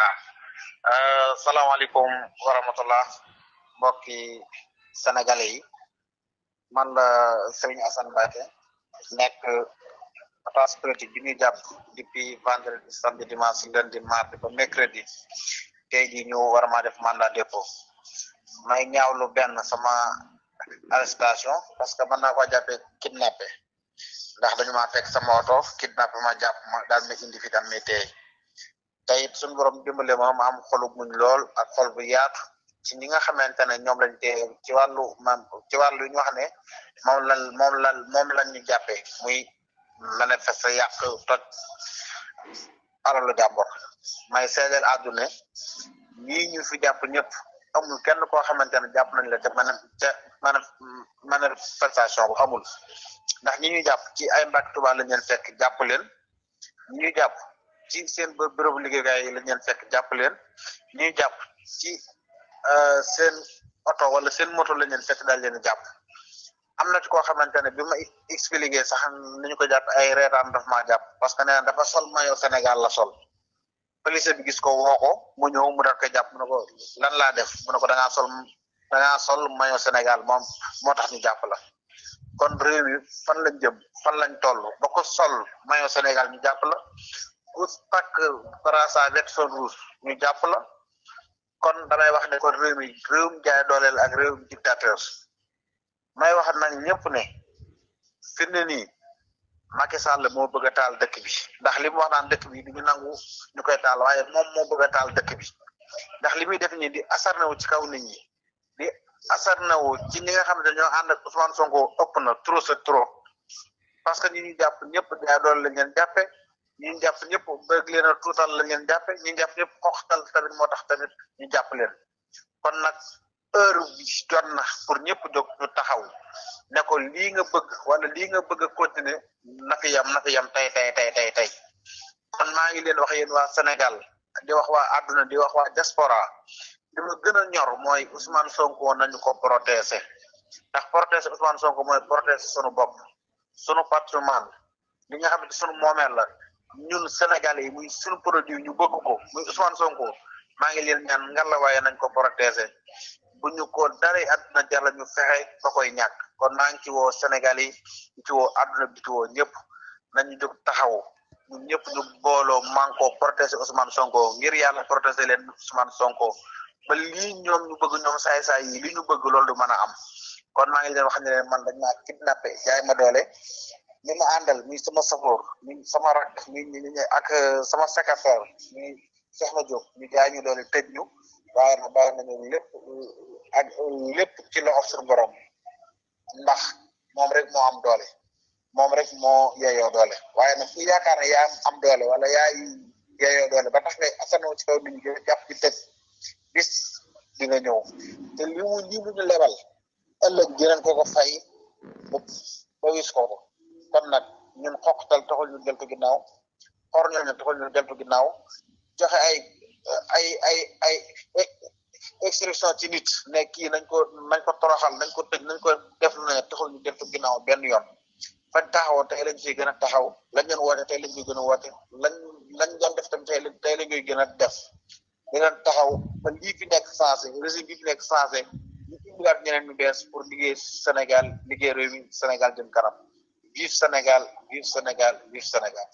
Eh, Assalamualaikum warahmatullah bokki rahmatullah sénégalais yi man la Serigne Assane baté ya. nek atas politique bi ñuy jàpp depuis vendredi samedi dimanche lundi mardi ba mercredi tay di ñu war ma def mandat dépôt may ñaawlu ben sama arrestation parce que man na ko jappé ya, kidnappé ndax ya. dañu ma fekk sama auto kidnappé ma japp ma dal ma indi fi tam may tayit sun borom dimbalé ma ma am xolu muñ lool ak xol bu yaatu ci ñi nga xamantene ñom lañ té ci walu mam ci walu ñu wax né mom lan mom lan mom lañ ñu jappé muy manifeste tok ala lu jambor may sédel aduna ñi ñu fi japp ñëpp amul kenn ko xamantene japp nañ la te man manam manifestation bu amul ndax ñi ñu japp ci ay mbak tuba lañ leen fekk japp leen ñi ñu japp ci seen bërëbu liggéeyukaay yi lañ leen fekk jàpp leen ñuy jàpp ci euh, seen oto wala seen moto la leen fekk daal leen jàpp am na ci koo xamante ne bi ma expliqué sax ni ñu ko jàpp ay reetaan daf maa jàpp parce que nee dafa sol mayo Sénégal la sol police bi gis ko woo ko mu ñëw mu daf ko jàpp mu ne ko lan laa def mu ne ko da sol da sol mayo Sénégal moom moo tax ñu jàpp la kon réew mi fan lañ jëm fan lañ toll ba ko sol mayo Sénégal ñu jàpp la us takk brassard jaune rouge ñu la kon damay wax ne kon réew mi réewum jaay dooleel ak réewum dictateur may wax nag ñëpp ne fi ne Macky Sall moo bëgg taal dëkk bi ndax li wax naan dëkk bi du ñu nangu taal bëgg taal dëkk bi ndax def di asarnewu ci kaw nit ñi di asarnewu ci ñi nga xam ne dañoo ànd ak Ousmane Sonko ëpp na trop c'est trop parce que ñi ñu ñi japp ñëpp bëgg leen tuutal la leen jàppe ñi japp ñëpp xoxtal tamit moo tax tamit ñu jàpp leen kon nag heure bi jot na pour ñëpp jóg ñu taxaw ne ko lii nga bëgg wala lii nga bëgg a continuer naka yam naka yam tay tay tay tay tay kon maa ngi leen wax yéen waa Sénégal di wax waa àdduna di wax waa diaspora li ma gën a ñor mooy Ousmane Sonko nañu ko protéger ndax protéger Ousmane Sonko mooy protéger sunu bopp sunu patrimoine li nga xam ne sunu moomeel la ñun sénégalais muy suñu produit ñu bëgg ko muy Ousmane Sonko ma ngi leen ñaan la waye nañ ko protéger bu ñu ko daree àdduna jàlla ñu fexé ba koy ñak kon ma ngi ci wo sénégalais di ci wo aduna bi ci wo ñëpp nañu jox taxaw ñu ñëpp ñu booloo manko protéger Ousmane Sonko ngir yalla protéger leen Ousmane Sonko ba li ñoom ñu bëgg ñoom say say yi li ñu bëgg loolu du am kon ma ngi leen wax ne leen man dañ na kidnapper jaay ma doole li ma mi sama safoor mi sama rak mi ak sama secrétaire mi Cheikh Diop mi gaañu doole tëj ñu waaye na bàyyi nañu lépp ak lepp ci la offre borom ndax mom rek mo am doole mom rek mo yeyo doole waye na ku yaakaar ya kan, iya am doole wala yaay yeyo doole ba tax ngay asano ci kaw ñu jëf jàpp ci tëj bis dina ñew te li mu ñu lebal ëllëg dinañ ko ko fay ba wis ko ko kon nag ñun xoqtal taxul ñu deltu ginnaaw xor ñoo ñu taxul ñu deltu ginnaaw joxe ay ay ay ay exception ci nit ne kii nañ ko nañ ko toroxal nañ ko tëj nañ ko def lu taxul ñu deltu ginnaaw benn yoon fañ taxawoon tey lañ ciy gën a taxaw lañ doon woote tey lañ koy gën a woote lañ lañ doon def tam tey tey lañ koy gën a def di leen taxaw ba lii fi nekk changé régime bi fi nekk changé ñu indiwaat ñeneen ñu bees pour liggéey Sénégal liggéey réew mi Sénégal jëm kanam vive Sénégal vive Sénégal vive Sénégal